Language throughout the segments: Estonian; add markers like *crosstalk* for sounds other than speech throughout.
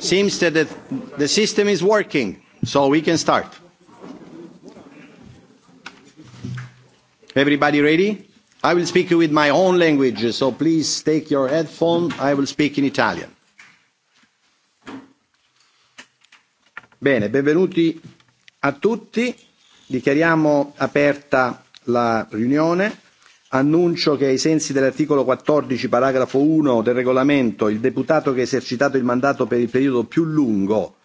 Seems that the, the system is working, so we can start. Everybody ready? I will speak with my own language, so please take your headphone. I will speak in Italian. Bene, benvenuti a tutti. Dichiariamo aperta la riunione. Annuncio che ai sensi dell'articolo 14, paragrafo 1 del regolamento, il deputato che ha esercitato il mandato per il periodo più lungo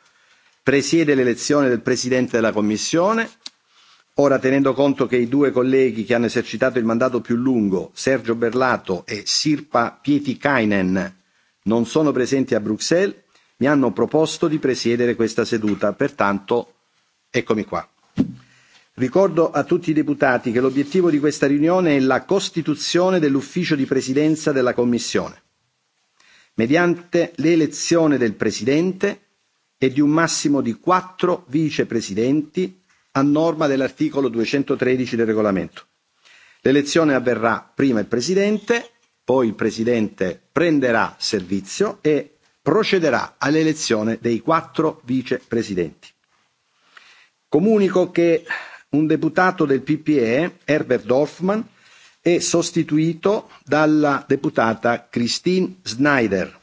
presiede l'elezione del Presidente della Commissione. Ora, tenendo conto che i due colleghi che hanno esercitato il mandato più lungo, Sergio Berlato e Sirpa Pietikainen, non sono presenti a Bruxelles, mi hanno proposto di presiedere questa seduta. Pertanto, eccomi qua. Ricordo a tutti i deputati che l'obiettivo di questa riunione è la costituzione dell'ufficio di presidenza della Commissione, mediante l'elezione del Presidente e di un massimo di quattro vicepresidenti a norma dell'articolo 213 del regolamento. L'elezione avverrà prima il Presidente, poi il Presidente prenderà servizio e procederà all'elezione dei quattro vicepresidenti. Comunico che un deputato del ppe herbert dorfmann è sostituito dalla deputata christine schneider.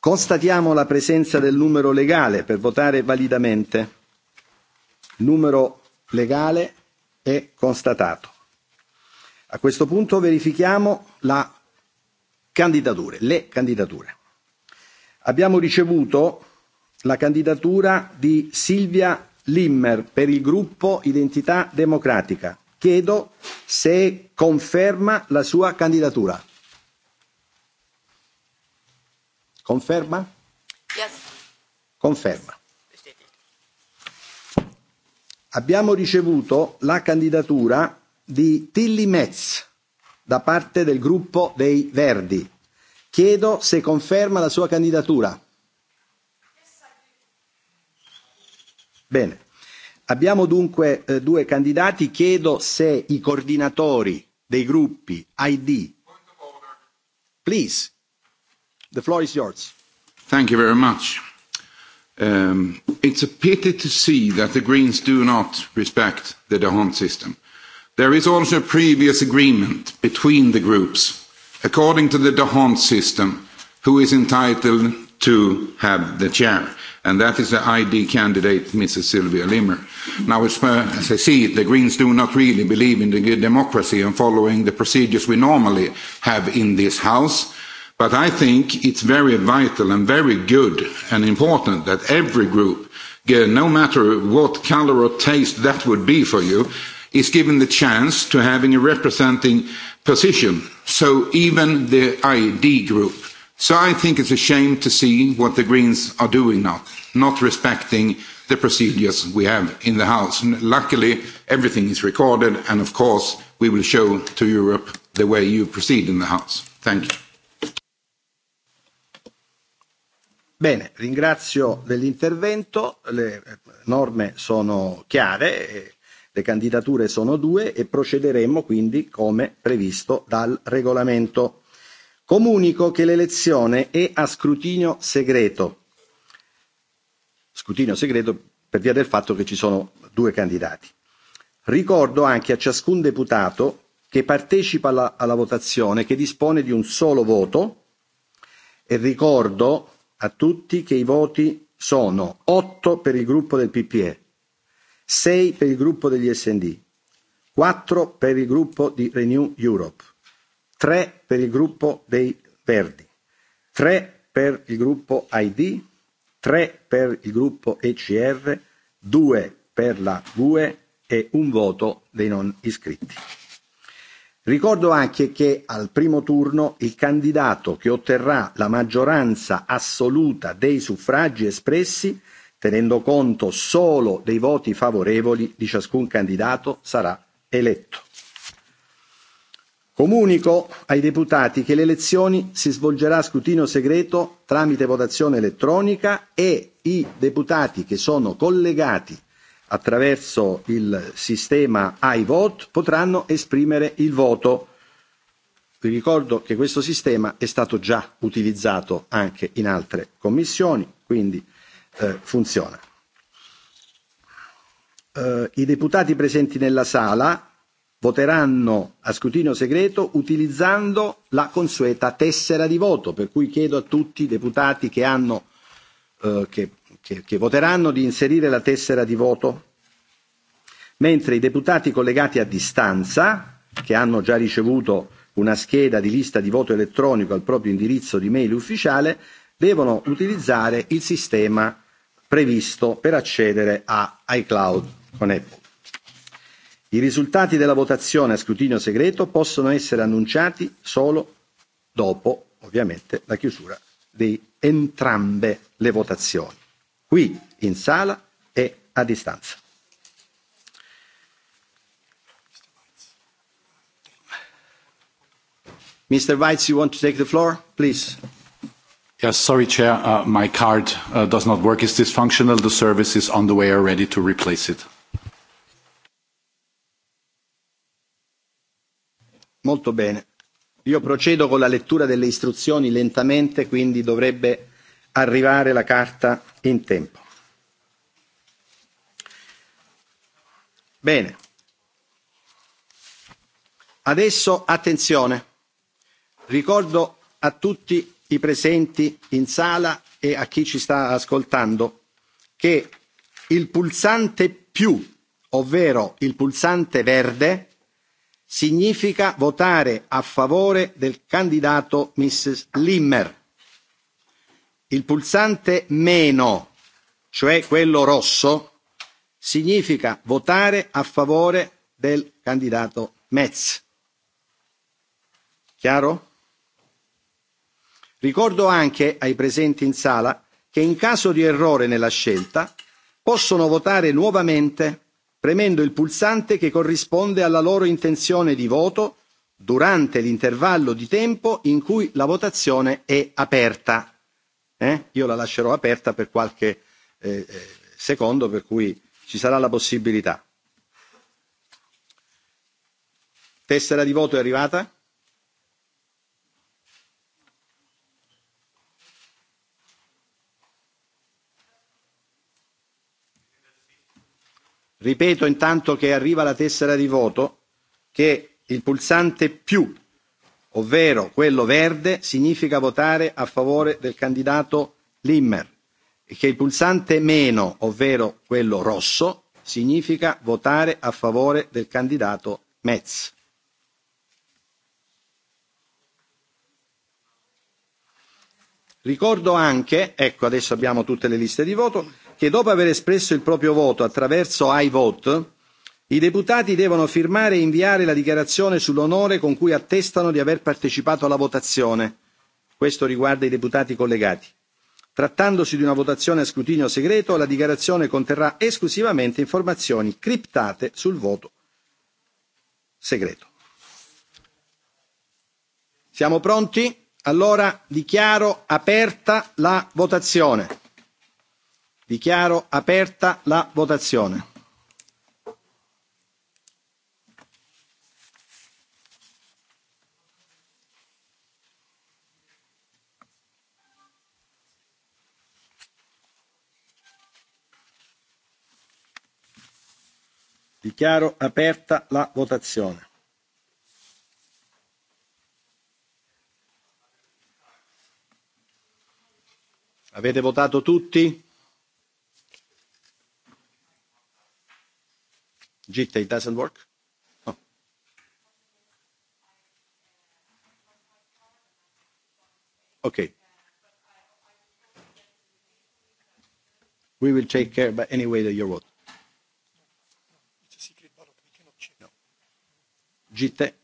constatiamo la presenza del numero legale per votare validamente. il numero legale è constatato. a questo punto verifichiamo la candidature le candidature abbiamo ricevuto la candidatura di silvia Limmer per il gruppo Identità Democratica. Chiedo se conferma la sua candidatura. Conferma? Yes. Conferma. Abbiamo ricevuto la candidatura di Tilly Metz da parte del gruppo dei Verdi. Chiedo se conferma la sua candidatura. Bene, abbiamo dunque eh, due candidati. Chiedo se i coordinatori dei gruppi ID. Please, the floor is yours. Thank you very much. Um, it's a pity to see that the Greens do not respect the Dahon system. There is also a previous agreement between the groups according to the dhon system who is entitled to have the chair and that is the id candidate mrs silvia limmer. now as, far as i see it the greens do not really believe in the democracy and following the procedures we normally have in this house but i think it's very vital and very good and important that every group no matter what colour or taste that would be for you is given the chance to having a representing position, so even the ID group. So I think it's a shame to see what the Greens are doing now, not respecting the procedures we have in the House. And luckily, everything is recorded, and of course, we will show to Europe the way you proceed in the House. Thank you. Bene, ringrazio dell'intervento, le eh, norme sono chiare e Le candidature sono due e procederemo quindi come previsto dal regolamento. Comunico che l'elezione è a scrutinio segreto. Scrutinio segreto per via del fatto che ci sono due candidati. Ricordo anche a ciascun deputato che partecipa alla, alla votazione che dispone di un solo voto e ricordo a tutti che i voti sono 8 per il gruppo del PPE, 6 per il gruppo degli SD, 4 per il gruppo di Renew Europe, 3 per il gruppo dei Verdi, 3 per il gruppo ID, 3 per il gruppo ECR, 2 per la GUE e un voto dei non iscritti. Ricordo anche che al primo turno il candidato che otterrà la maggioranza assoluta dei suffragi espressi tenendo conto solo dei voti favorevoli di ciascun candidato, sarà eletto. Comunico ai deputati che le elezioni si svolgerà a scrutinio segreto tramite votazione elettronica e i deputati che sono collegati attraverso il sistema iVote potranno esprimere il voto. Vi ricordo che questo sistema è stato già utilizzato anche in altre commissioni, quindi eh, funziona. Eh, I deputati presenti nella sala voteranno a scrutinio segreto utilizzando la consueta tessera di voto, per cui chiedo a tutti i deputati che, hanno, eh, che, che, che voteranno di inserire la tessera di voto, mentre i deputati collegati a distanza, che hanno già ricevuto una scheda di lista di voto elettronico al proprio indirizzo di mail ufficiale, devono utilizzare il sistema previsto per accedere a iCloud con Apple. I risultati della votazione a scrutinio segreto possono essere annunciati solo dopo, ovviamente, la chiusura di entrambe le votazioni, qui in sala e a distanza. Mr. Weitz, you want to take the floor? Please. Yes, sorry, Chair, uh, my card uh, does not work. It's dysfunctional. The service is on the way already to replace it. Molto bene. Io procedo con la lettura delle istruzioni lentamente, quindi dovrebbe arrivare la carta in tempo. Bene. Adesso attenzione. Ricordo a tutti i presenti in sala e a chi ci sta ascoltando che il pulsante più, ovvero il pulsante verde, significa votare a favore del candidato Mrs. Limmer. Il pulsante meno, cioè quello rosso, significa votare a favore del candidato Metz. Chiaro? Ricordo anche ai presenti in sala che in caso di errore nella scelta possono votare nuovamente premendo il pulsante che corrisponde alla loro intenzione di voto durante l'intervallo di tempo in cui la votazione è aperta. Eh? Io la lascerò aperta per qualche eh, eh secondo per cui ci sarà la possibilità. Tessera di voto è arrivata? Ripeto intanto che arriva la tessera di voto che il pulsante più, ovvero quello verde, significa votare a favore del candidato Limmer e che il pulsante meno, ovvero quello rosso, significa votare a favore del candidato Metz. Ricordo anche, ecco adesso abbiamo tutte le liste di voto, che dopo aver espresso il proprio voto attraverso iVote, i deputati devono firmare e inviare la dichiarazione sull'onore con cui attestano di aver partecipato alla votazione. Questo riguarda i deputati collegati. Trattandosi di una votazione a scrutinio segreto, la dichiarazione conterrà esclusivamente informazioni criptate sul voto segreto. Siamo pronti? Allora dichiaro aperta la votazione dichiaro aperta la votazione. dichiaro aperta la votazione. avete votato tutti? GTay doesn't work? Oh. Okay. We will take care, but anyway, your vote. It's a secret ballot. We cannot check. No. GT.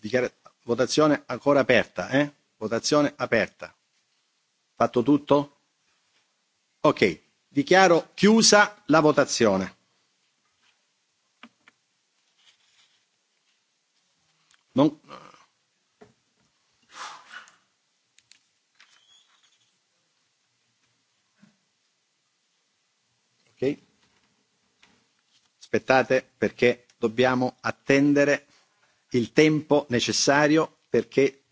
Dichiara... Votazione ancora aperta, eh? Votazione aperta. Fatto tutto? Ok. Dichiaro chiusa la votazione. Donc, ok? Aspettate perché dobbiamo attendere il tempo necessario perché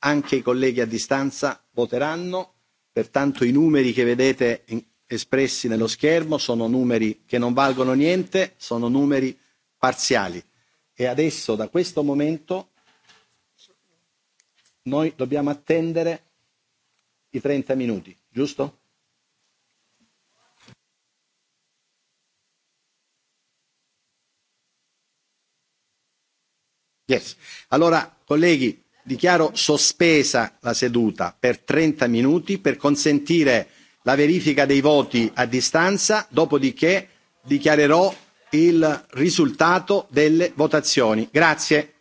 anche i colleghi a distanza voteranno, pertanto i numeri che vedete in, espressi nello schermo sono numeri che non valgono niente, sono numeri parziali e adesso da questo momento noi dobbiamo attendere i 30 minuti, giusto? Yes. Allora, colleghi, dichiaro sospesa la seduta per 30 minuti per consentire la verifica dei voti a distanza, dopodiché dichiarerò il risultato delle votazioni. Grazie.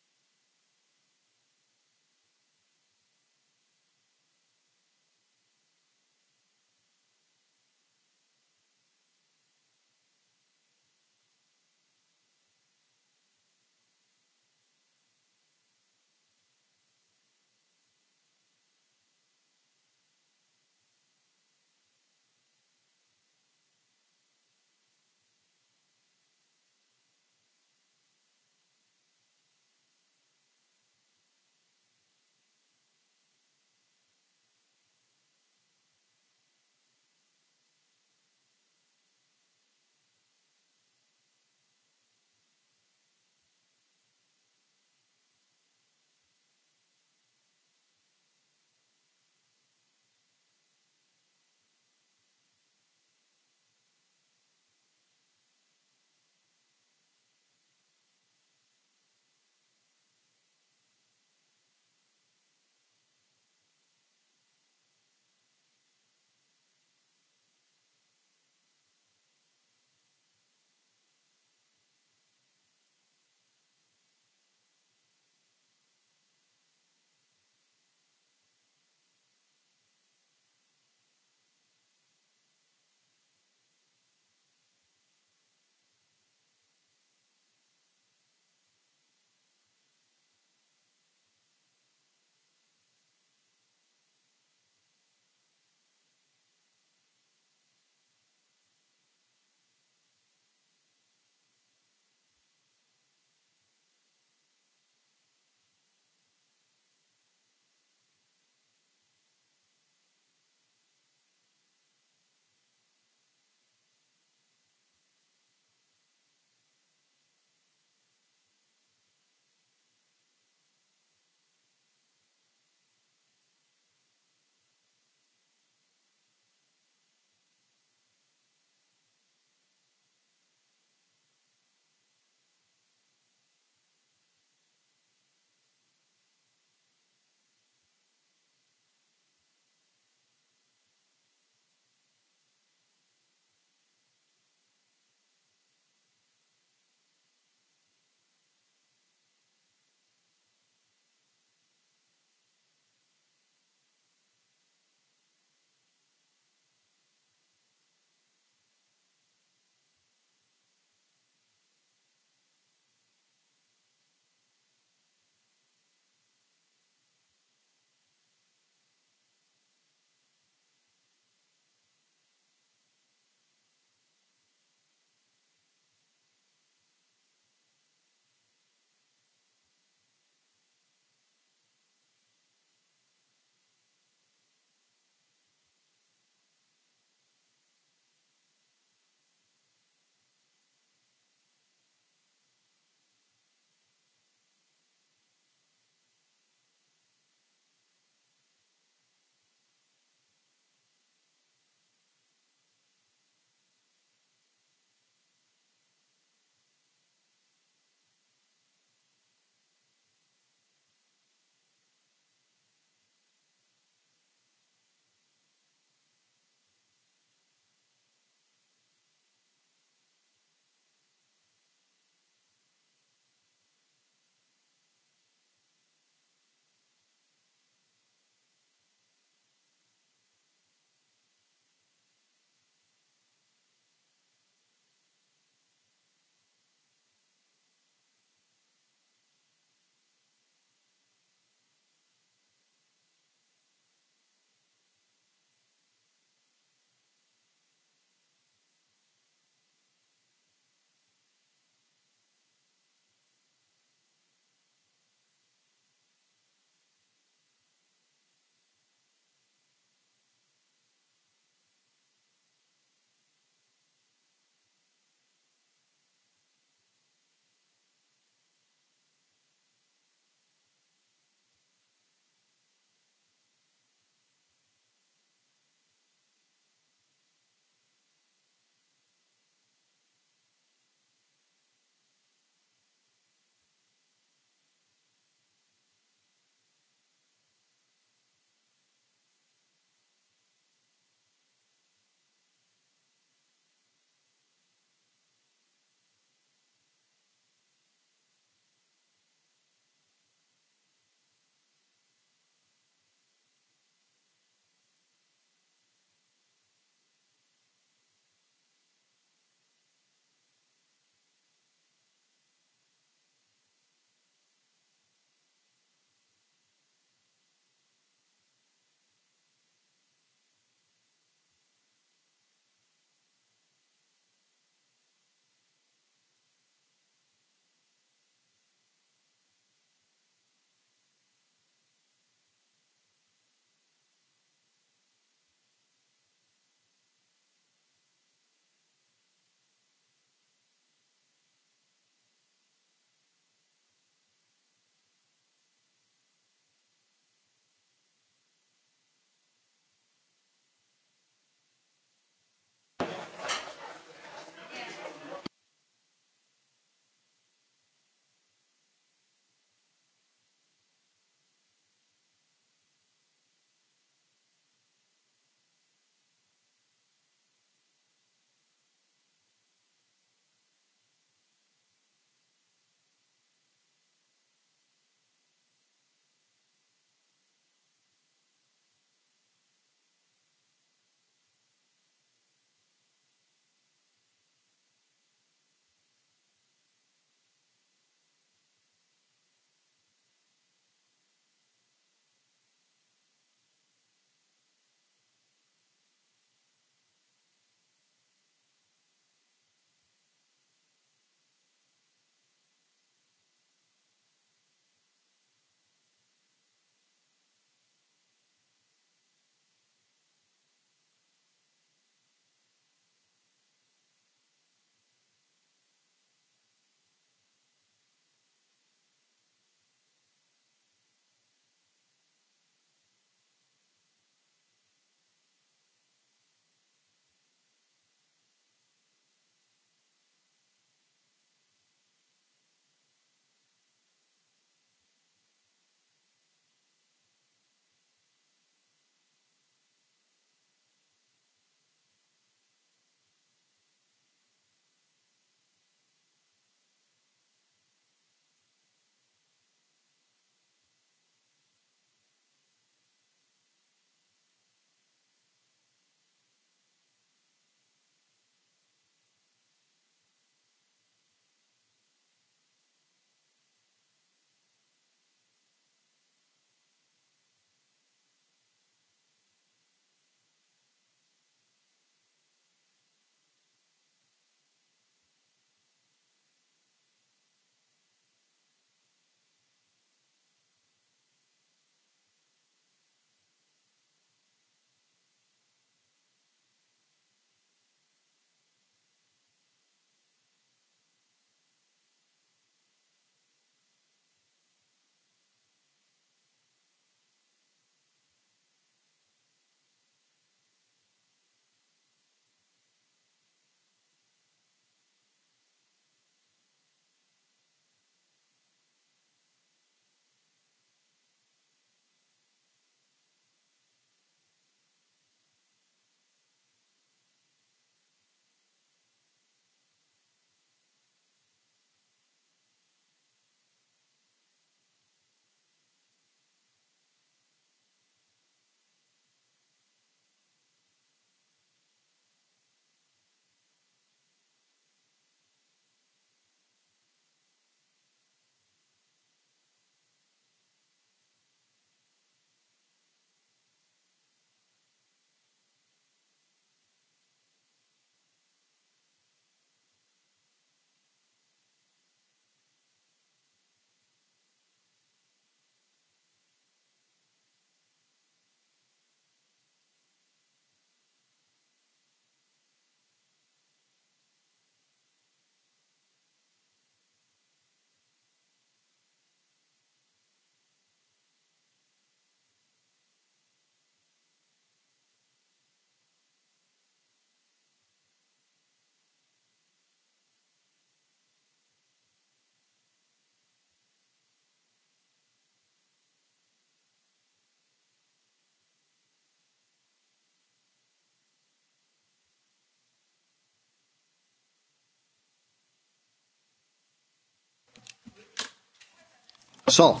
So,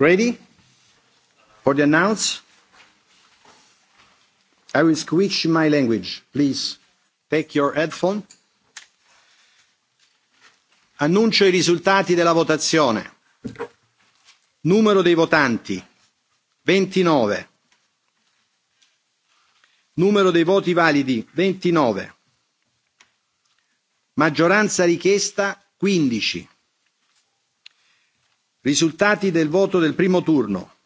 ready for the announce? I will switch my language. Please take your headphone. Annuncio i risultati della votazione. Numero dei votanti 29. Numero dei voti validi 29. Maggioranza richiesta 15 risultati del voto del primo turno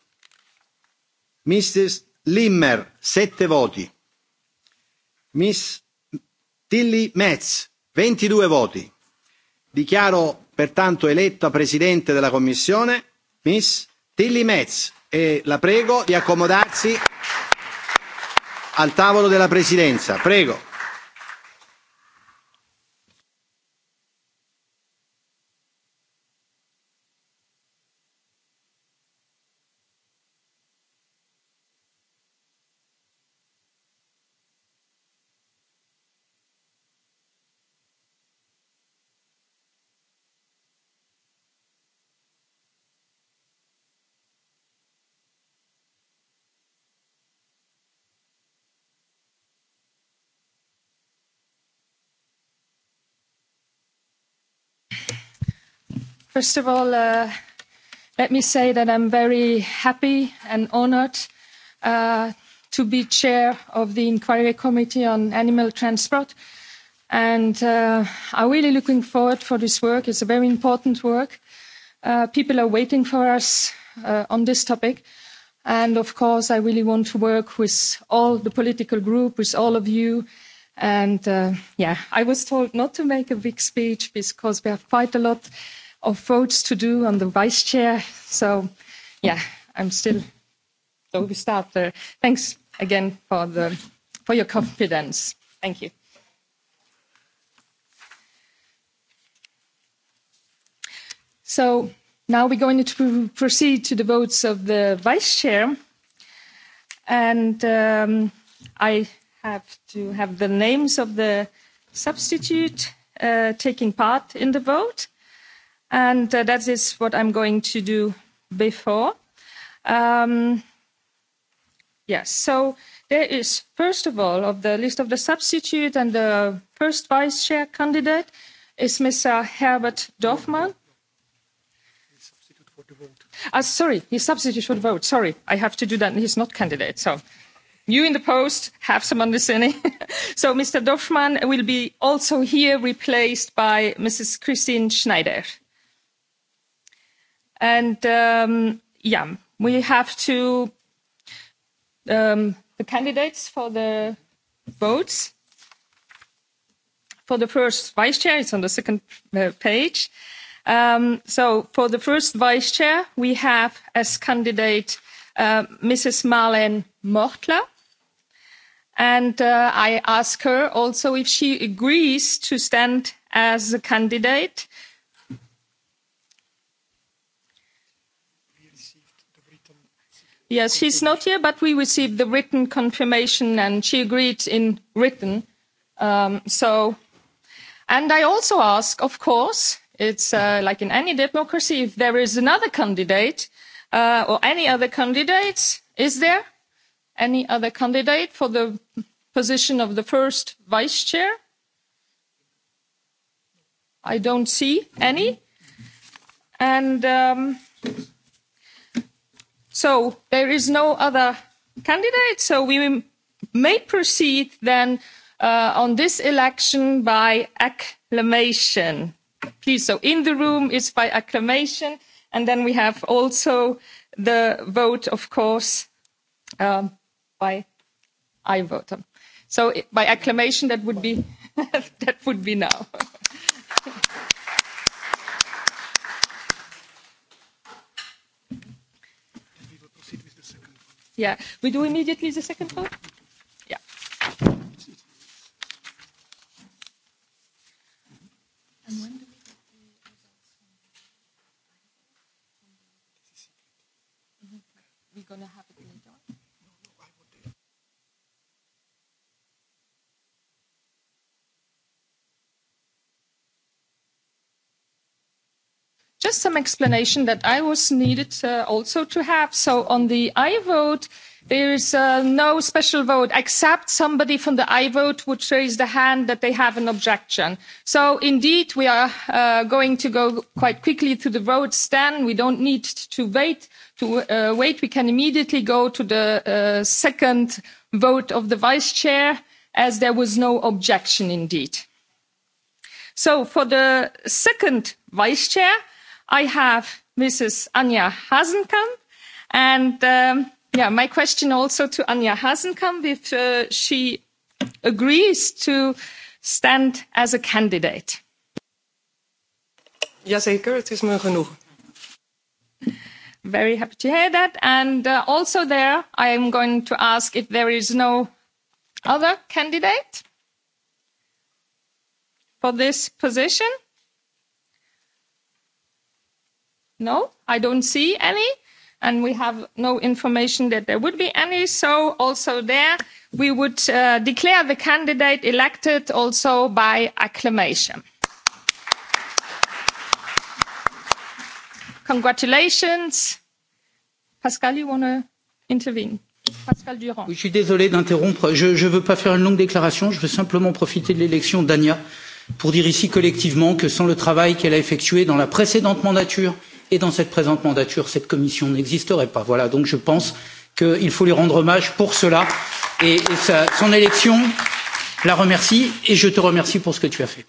mrs limmer sette voti miss tilly metz ventidue voti dichiaro pertanto eletta presidente della commissione miss tilly metz e la prego di accomodarsi al tavolo della presidenza prego. First of all, uh, let me say that I'm very happy and honored uh, to be chair of the Inquiry Committee on Animal Transport. And uh, I'm really looking forward for this work. It's a very important work. Uh, people are waiting for us uh, on this topic. And of course, I really want to work with all the political group, with all of you. And uh, yeah, I was told not to make a big speech because we have quite a lot uh, of votes to do on the vice chair. So, yeah, I'm still. So we start there. Thanks again for the for your confidence. Thank you. So now we're going to proceed to the votes of the vice chair, and um, I have to have the names of the substitute uh, taking part in the vote and uh, that is what I'm going to do before. Um, yes, yeah, so there is, first of all, of the list of the substitute and the first vice chair candidate is Mr. Uh, Herbert Dorfman. Uh, sorry, he's substitute for the vote. Sorry, I have to do that. He's not candidate, so you in the post have some understanding. *laughs* so Mr. Dorfman will be also here replaced by Mrs. Christine Schneider. And um, yeah, we have to um, the candidates for the votes. For the first vice chair, it's on the second uh, page. Um, so for the first vice chair, we have as candidate uh, Mrs. Marlene Mortler. And uh, I ask her also if she agrees to stand as a candidate uh, yes she's not here but we received the written confirmation and she agreed in written um, so and i also ask of course it's uh, like in any democracy if there is another candidate uh, or any other candidates is there any other candidate for the position of the first vice chair i don't see any and um, So there is no other candidate, so we may proceed then uh, on this election by acclamation. Please, so in the room is by acclamation, and then we have also the vote, of course, um, by I vote. So by acclamation, that would be *laughs* that would be now. *laughs* Yeah. We do immediately the second vote? Yeah. And when do we get the results from mm-hmm. the We're going to have just some explanation that I was needed uh, also to have. So on the I vote, there's uh, no special vote except somebody from the I vote would raise the hand that they have an objection. So indeed, we are uh, going to go quite quickly to the votes then. We don't need to wait. To uh, wait, we can immediately go to the uh, second vote of the vice chair as there was no objection indeed. So for the second vice chair, I have Mrs. Anja Hasenkamp, and um, yeah, my question also to Anja Hasenkamp if uh, she agrees to stand as a candidate. Jazeker, het is me genoegen. Very happy to hear that. And uh, also there, I am going to ask if there is no other candidate for this position. no i don't see any and we have no information that there would be any so also there we would uh, declare the candidate elected also by acclamation. congratulations. pascal you want to intervene? pascal durand. Oui, je suis désolé d'interrompre. je ne veux pas faire une longue déclaration. je veux simplement profiter de l'élection d'ania pour dire ici collectivement que sans le travail qu'elle a effectué dans la précédente mandature et dans cette présente mandature cette commission n'existerait pas. voilà donc je pense qu'il faut lui rendre hommage pour cela et, et sa, son élection la remercie et je te remercie pour ce que tu as fait.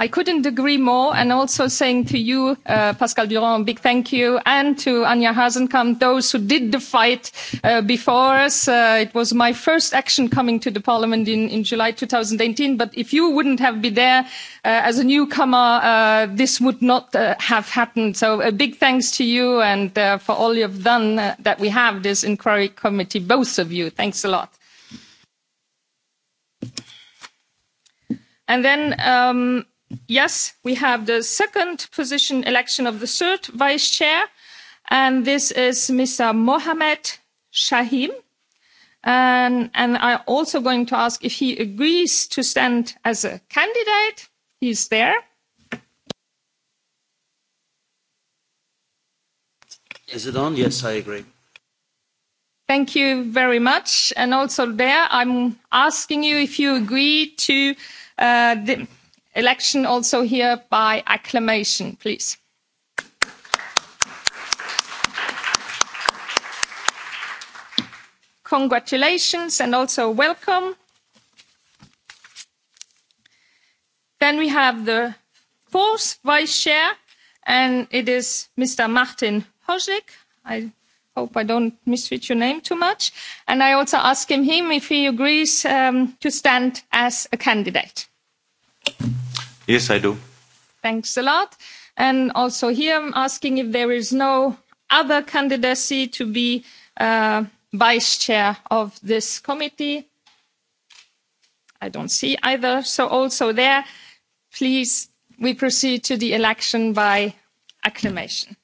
I couldn't agree more. And also saying to you, uh, Pascal Durand, big thank you. And to Anja Hasenkamp, those who did the fight uh, before us. Uh, it was my first action coming to the parliament in, in July 2018. But if you wouldn't have been there uh, as a newcomer, uh, this would not uh, have happened. So a big thanks to you and uh, for all you've done uh, that we have this inquiry committee, both of you. Thanks a lot. And then um, yes we have the second position election of the third vice chair and this is mr mohammed shahim um, and i'm also going to ask if he agrees to stand as a candidate he's there is it on yes i agree thank you very much and also there i'm asking you if you agree to uh, the election also here by acclamation, please. Congratulations and also welcome. Then we have the fourth vice chair, and it is Mr. Martin Hojnik. I hope I don't misread your name too much. And I also ask him, him if he agrees um, to stand as a candidate. Thank you. Yes, I do. Thanks a lot. And also here I'm asking if there is no other candidacy to be uh, vice chair of this committee. I don't see either. So also there, please, we proceed to the election by acclamation.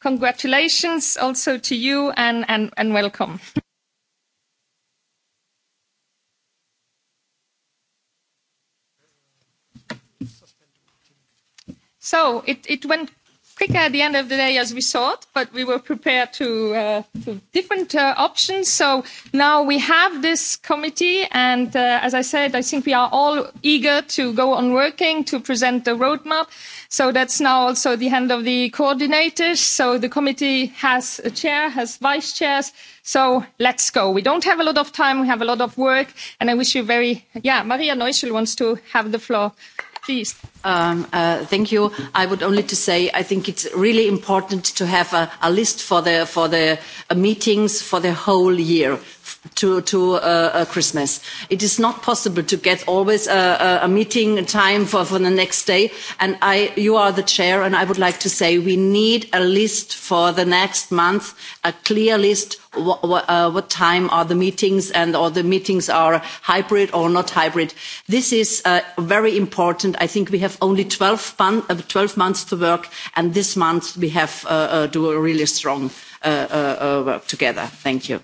Congratulations also to you and, and, and welcome. So it, it went quicker at the end of the day as we thought, but we were prepared to, uh, to different uh, options. So now we have this committee, and uh, as I said, I think we are all eager to go on working to present the roadmap. So that's now also the hand of the coordinators. So the committee has a chair, has vice chairs. So let's go. We don't have a lot of time. We have a lot of work, and I wish you very yeah. Maria Neuschel wants to have the floor. Please. Um, uh, thank you. I would only to say I think it's really important to have a, a list for the for the uh, meetings for the whole year to, to uh, uh, Christmas. It is not possible to get always a, a meeting time for, for the next day. And I, you are the chair, and I would like to say we need a list for the next month, a clear list what, uh, what time are the meetings and or the meetings are hybrid or not hybrid. This is uh, very important. I think we have only 12, fun, uh, 12 months to work, and this month we have uh, uh, do a really strong uh, uh, uh work together. Thank you.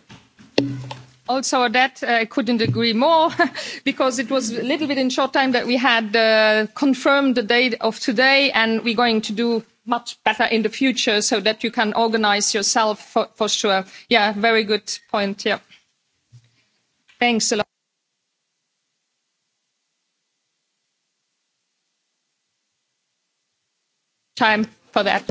Thank you also on that uh, i couldn't agree more *laughs* because it was a little bit in short time that we had uh, confirmed the date of today and we're going to do much better in the future so that you can organise yourself for, for sure. yeah very good point yeah. thanks a lot. time for that.